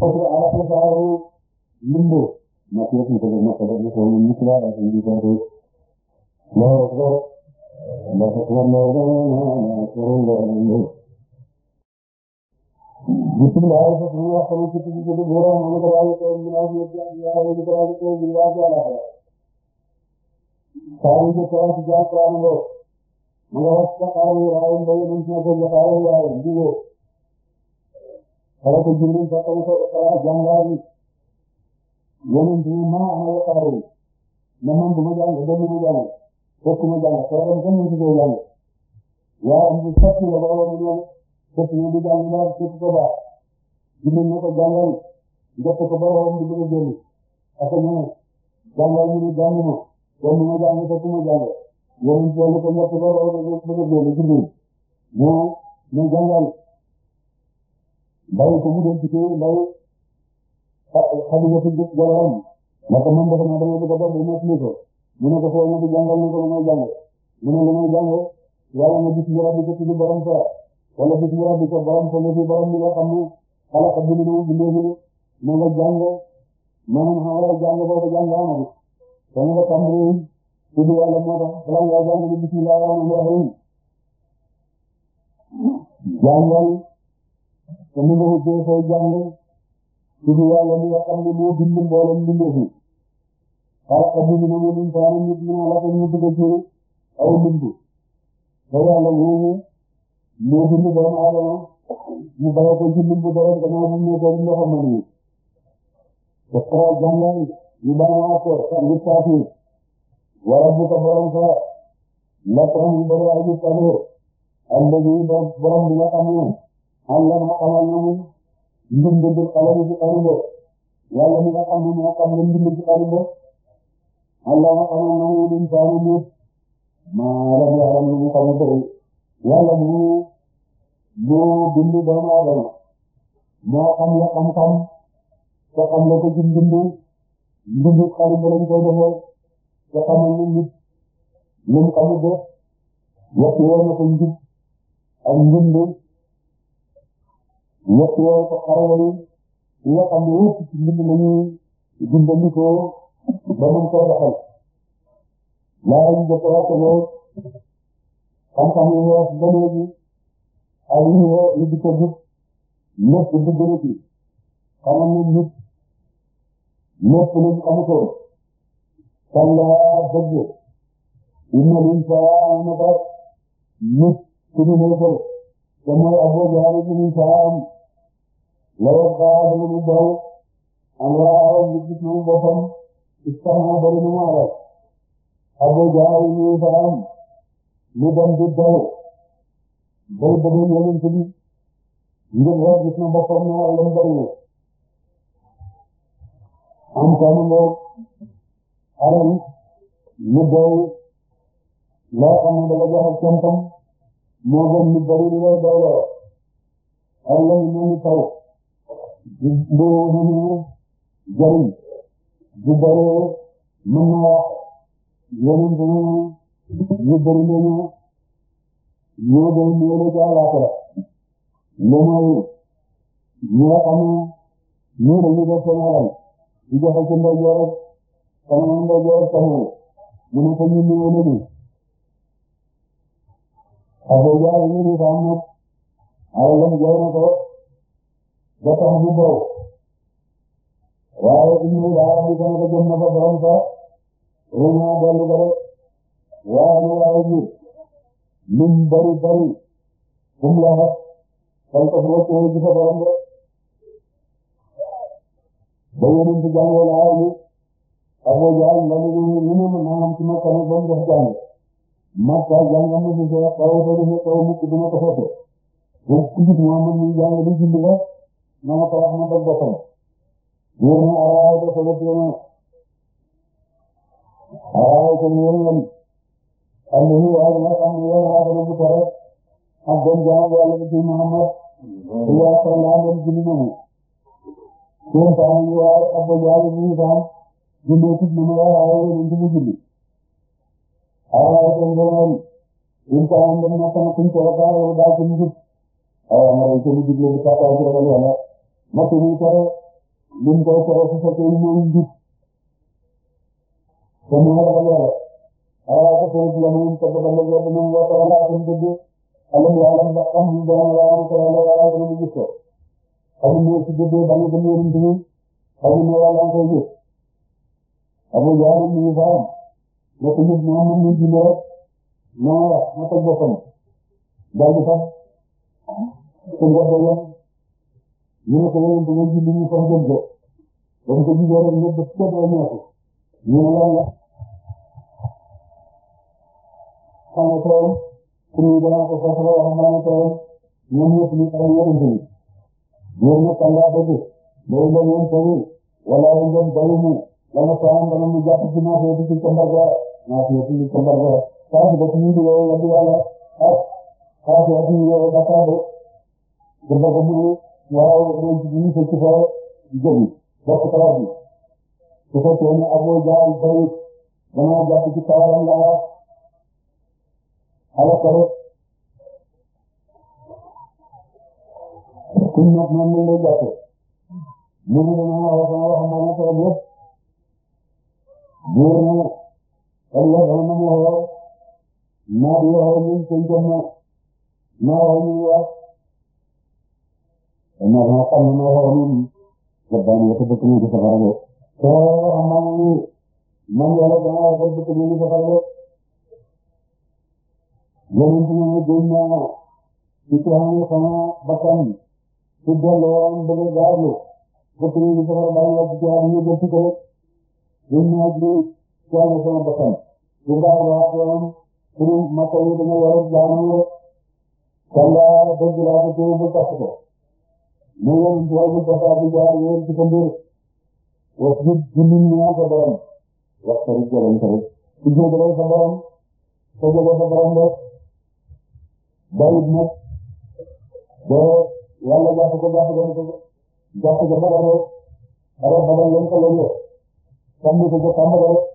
kofi alafu sahu limbo na pia tunatazama sababu kwa hiyo mtu wa asili kwa hiyo Allahu akbar Allahu akbar Allahu akbar Allahu akbar जिसकी लहर से शुरू हुआ सभी किसी किसी को घोरा होने का राय तो विनाश में क्या दिया है उनका राय तो विवाह क्या रहा है सारी के तरह से जात प्रारंभ हो मगर उसका कार्य राय इन लोगों ने इसमें को लगा हुआ है Hindi xale bu julli sa kaw sa xalaat jàngaa yi yeneen bi ma ana waxaaru na man du ma jàng ba mu jàng fekk ma jàng xale bu kenn ci koy jàng yaa am bu soppi la ba wala ñëw fekk ñu di jàng daal fekk ko baax julli ne ko jàngal njëkk ko ba wala mu bëgg a jëli ak ñu ne jàngal mu ne jàng ma kon mu ma jàng fekk ma jàng yeneen bi ko njëkk ba wala mu bëgg a jëli julli mais mais jàngal ndaw ko mu doon ci kii ndaw xam nga fi jalaram na ko man dafa naa dama bëgg a def bu nekk ko mu ne ko foo ma di jàngal ne ko lu may jàng mu ne lu may jàng yàlla nga gis mu rabbi ko ci borom sa wala gis mu rabbi ko borom sa nga fi borom bi nga xam ne xalaq bi ni mu bindee fi na nga jàng maanaam xam nga jàng boobu jàng amatu te na nga tàmbali tudd yàlla moo tax balaa ngaa jàng ni bismillah rahmaan rahim jàngal te mu nga xubbee say jàng tudd yàlla li nga xam ne moo bind mboolem mbindeefi xalaqa bi mina min insaani nit mina la ko ñu dugg ci aw bind te yàlla moomu moo bind doomu aadama mu bàyyi ko ci limbu deret gannaaw bu mu nekkee loxo man yi te xalaat jàngal ñu bàyyi naa ko ñu saati wa rabbuka borom sa la ko ñu bëri ay nit tamit ak borom bi nga xam ne yàlla na xamal nañu mbind bi xalalu ci xarumbe yàlla mi nga xam ne moo xam ne mbind ci xarumbe yàlla na xamal nañu luñ saanu nit maa mu xamu bëri yàlla mu moo bind doomu la xam-xam la ko ci mbind mbind xarumbe lañ koy defee te mu xamu def ñett yooyu ko xarala yi yi nga xam ne yëpp ci mbind la ñuy dimbandikoo ba mun ko doxal laa ñu jot a xam-xam yu wees ba léegi ak yu ñu di ko gis lépp dugg na ci xamal ne nit lépp lañ xamutoon kan la bëgg inna l-insaana nit ku ñu te mooy Abu Jahl nawet baa dana mu daw am laa aw mu gis moom boppam ci soxna bari na mu alal Abu Jahl mu salaam mu dem di daw bay bëgg yonent bi ngir rek gis na boppam ne alalam bari na am ko mu ngoog alal mu daw loo xam ne dafa jox ak cantam moo gën mu bari li lay dawloo alalam ñu ni taw mbooloo jëriñ bu bëree wax yeneen ñu bëri nañu ñoo doon yéene ca àllaaxira moom mooy ñi nga xam ne ñii dañuy def seen alal di joxe ci ndeyjoor ak kanam ak ndeyjoor ak kanam mu ne ko ñu néew nañu Abu Jahl ñu ne ko am ba tax mu bow waaye indi laa bi dana ko jëm na ba borom sa ruñaa dellu ko rek waaye ni ji lim bari kum la xat kan ko fi wacce ci sa borom rek ba yéen ci jàngee laa yi Abu Jahl la lu lu mu nangam ci Makka nag ba mu def jàng Makka jàngam mu fi sa xaw sa du fi xaw mukk dina ko foto ba ku gis Muhammad muy jàng di julli na nga ko wax na dal boppam yéen a araaw de ko lépp yéen araaw ko yéen yéen am na ñu waaye nag am na yéen waaye nag bu tere ak doon jaam yàlla bi ci Muhammad ci yàlla sallallahu alayhi wa sallam seen saa ñu waaye Abu Jahl ñu tam jëndee tig na ma waaye yéen ci mu julli araaw ko yéen yéen saa am dem na sama kuñ ko daal ci mu jub waaye ma dañ ko mu juble bi tàkkaay ci ragal yàlla natt muy tere lu mu koy tere su fekkee mooy njub te mu ngi ragal yàlla waaye ko sori la muy tëdd ba léegi yàlla dinañ wax dëgg laa seen dëgg alam yàlla ba xam ñu doon yàlla mu koy yàlla yàlla dina mu gis ko xam ne si dëgg ba ñu dem yërëm bi xam ne yàlla koy gis abu jaal mu ngi faam ne ko nit moom mu ngi jinde rek moo wax ma teg boppam daal di fas su ngor ba yem ñu ne ko yow da nga ji lu mu sax dem de dañ ko gisee rek ñëpp daf soobee ñeeku ñu ne lan la xanaa toolam suñuy danaa ko soxla wax nga ne toolam ñoom ñëpp ñu xaral ñoo indi ñoom ñëpp da ngaa dëgg day dem yéen tamit wala day dem bayu mu la nga soxla dana mu jàpp ci naaf yëpp ci càmbar gaal naaf yëpp ci càmbar gaal saa si ba ci ñu di yow yàgg yàlla ak ah. saa si ba ci ñu yow ba saa de jëmbar ko mu ne waaw mooy ñu ko ci fa jëm bokk tawar bi su fekkee ne Abu Jahl bay dana jàpp ci tawaram la ala ko rek kuñ nag moom lañ lay jàppe mu ngi dana wax sama wax maa ne ko yëpp buur ne Allah dama nam la xool naa di waxoo ñu seen jëm na naa wax ñu wax ina ga kan na horon gaban wata bukin da safara ne to amma man yana da wata bukin da safara ne yanin tun ne dinna ita ne kuma bakan idan lawan bale gado bukin da safara ba ya ji hali ne da kike dinna ji ya ne kuma bakan idan ba ta yawan kuma makai da ne yaron da ne kalla da gura da ko bukato na ngeen jaamu Fatou Ndiaye ngeen ci ko mbir wax dëgg julli ñëwaat sa borom wax dëgg jërëm tamit su jégalee sa borom sa jégal sa borom de bayit nag ba yàlla jàpp ko jàpp ko jàpp ko ba pare rek ba pare ba pare leen ko lële tàmbali ko ba tàmbali rek